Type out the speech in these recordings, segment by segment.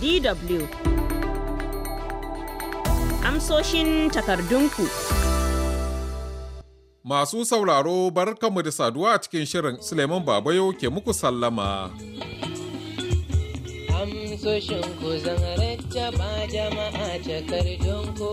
DW. Amsoshin takardunku. Masu sauraro barkanmu da saduwa a cikin shirin Suleiman Babayo ke muku sallama. Amsoshin ku zan jama'a takardunku.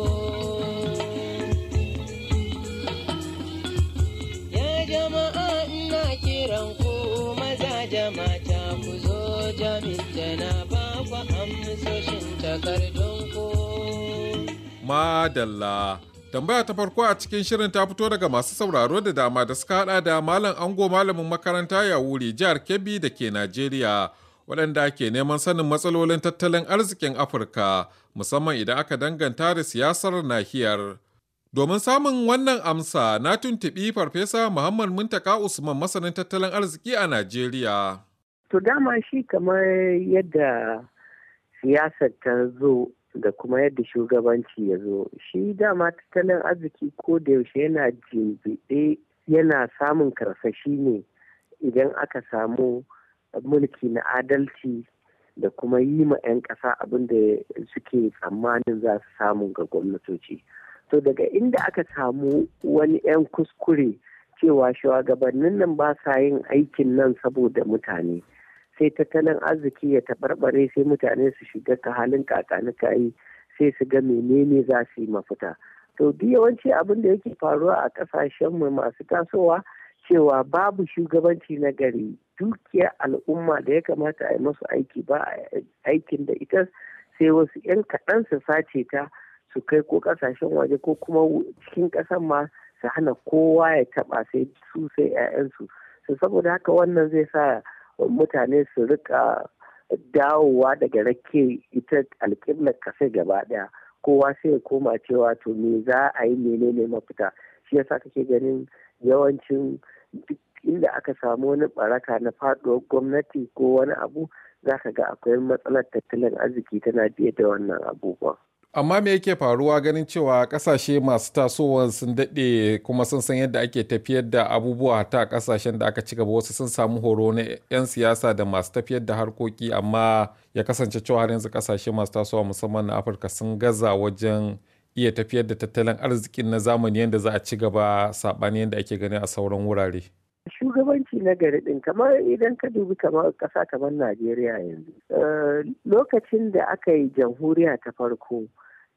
Madalla. Tambaya ta farko a cikin shirin ta fito daga masu sauraro da dama da suka hada da Malam Ango Malamin makaranta ya wuri jihar Kebbi da ke Najeriya. waɗanda ke neman sanin matsalolin tattalin arzikin Afirka musamman idan aka danganta da siyasar nahiyar. Domin samun wannan amsa na tuntuɓi Farfesa Muhammad Muntaka Usman masanin tattalin arziki a Najeriya. To dama shi kamar yadda siyasar ta zo da kuma yadda shugabanci ya zo shi dama tattalin arziki ko da yaushe yana jimbiɗe yana samun karsashi ne idan aka samu mulki na adalci da kuma yi ma 'yan ƙasa abin da suke tsammanin za su samu ga gwamnatoci to daga inda aka samu wani 'yan kuskure cewa shugabannin nan ba sa yin aikin nan saboda mutane sai tattalin arziki ya taɓarɓare sai mutane su shiga ka halin kakanika yi sai su ga menene za su yi mafita to duk yawanci abin da yake faruwa a mu masu tasowa cewa babu shugabanci na gari dukiyar al'umma da ya kamata a yi masu aiki ba aikin da ita sai wasu 'yan kaɗan su sace ta su kai ko ƙasashen waje ko kuma cikin ƙasan ma su hana kowa ya taɓa sai su sai 'ya'yansu su saboda haka wannan zai sa mutane su rika dawowa daga rake ita alƙiblar kasa gaba daya kowa sai ya koma cewa to me za a yi menene mafita shi yasa kake ganin yawancin inda aka samu wani baraka na faduwar gwamnati ko wani abu za ka ga akwai matsalar tattalin arziki tana biye da wannan abubuwan. amma me yake faruwa ganin cewa kasashe masu tasowa sun daɗe kuma sun san yadda ake tafiyar da abubuwa ta kasashen da aka ci gaba wasu sun samu horo na 'yan siyasa da masu tafiyar da harkoki amma ya kasance cewa har yanzu kasashe masu tasowa musamman na afirka sun gaza wajen iya tafiyar da tattalin arzikin na zamani yadda za a ci gaba saɓani yadda ake gani a sauran wurare shugabanci na gari din kamar idan ka dubi kamar kasa kamar najeriya yanzu eh, lokacin da aka yi jamhuriya ta farko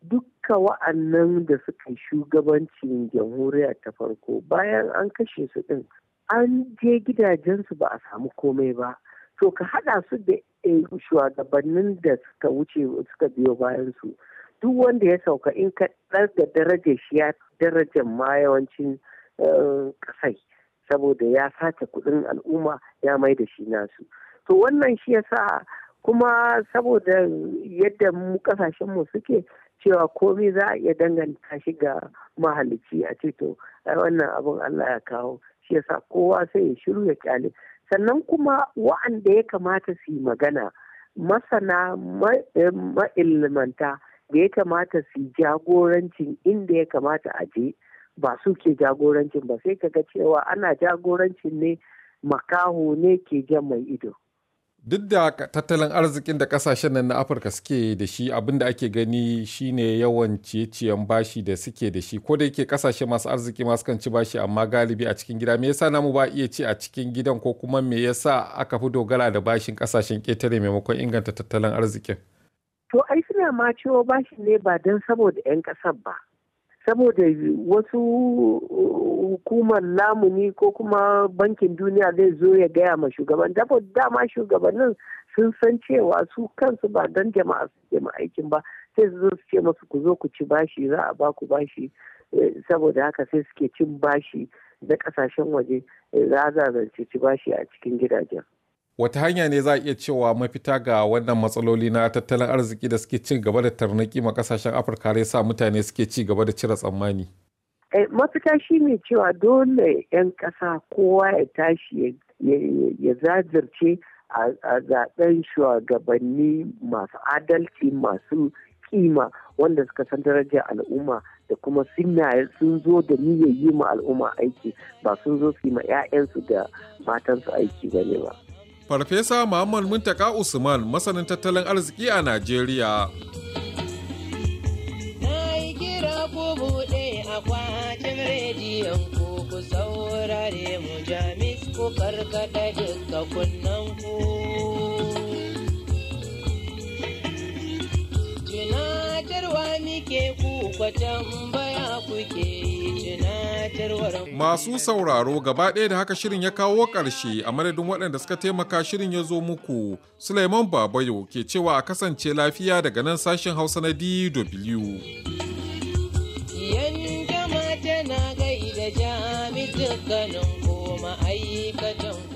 dukka wa'annan da suka shugabancin jamhuriya ta farko bayan an kashe su ɗin an je gidajensu ba a samu komai ba to ka haɗa su da eh, shugabannin da suka wuce suka biyo bayan su duk wanda ya sauka in ka da darajar shi ya darajar ma yawancin kasai eh, saboda ya sace kuɗin al'umma ya mai da shi nasu to wannan shi yasa kuma saboda yadda mu kasashen suke cewa komai za a iya danganta shi ga mahalicci a ce to ai wannan abun Allah ya kawo shi yasa kowa sai ya shiru ya kyale sannan kuma wa'anda ya kamata su yi magana masana eh, ma'ilmanta da ya kamata su yi jagorancin inda ya kamata a je ba su ke jagorancin ba sai kaga cewa ana jagorancin ne makaho ne ke jan mai ido duk da tattalin arzikin da kasashen nan na afirka suke da shi abin da ake gani shine yawan ciye-ciyen bashi da suke da shi ko da yake kasashe masu arziki masu kan ci bashi amma galibi a cikin gida me yasa namu ba iya ci a cikin gidan ko kuma me yasa aka fi dogara da bashin kasashen ketare maimakon inganta tattalin arzikin to ai suna ma ciwo bashi ne ba don saboda 'yan kasar ba saboda wasu hukumar lamuni ko kuma bankin duniya zai zo ya gaya ma shugaban dabo dama shugabannin sun san cewa su kansu ba don jama'a su ke ma aikin ba sai su zo su ce masu ku zo ku ci bashi za a ba bashi eh, saboda haka sai suke cin bashi da kasashen waje eh, za a zance ci bashi a cikin gidajen. Wata hanya ne za a iya cewa mafita ga wannan matsaloli na tattalin arziki da suke cin gaba da tarnaki ma kasashen Afirka ya sa mutane suke ci gaba da cire tsammani. Eh, mafita shi ne cewa dole 'yan ƙasa kowa ya tashi ya zazirce a zaben shugabanni masu adalci masu kima wanda suka san darajar al'umma da kuma sun zo da niyyar yi ma al'umma aiki ba sun zo su yi ma 'ya'yansu da matansu aiki ba ne ba. Farfesa Muhammad Muntaka Usman masanin tattalin arziki a Najeriya saurare mu jami ku karkata duka kunnan ku. Tunatarwa muke ku kwatan baya kuke yi Masu sauraro gaba ɗaya da haka shirin ya kawo ƙarshe a madadin waɗanda suka taimaka shirin ya zo muku. Suleiman Babayo ke cewa a kasance lafiya daga nan sashen Hausa na DW. Yan tana ja mi dukkanin ko ma'aikatan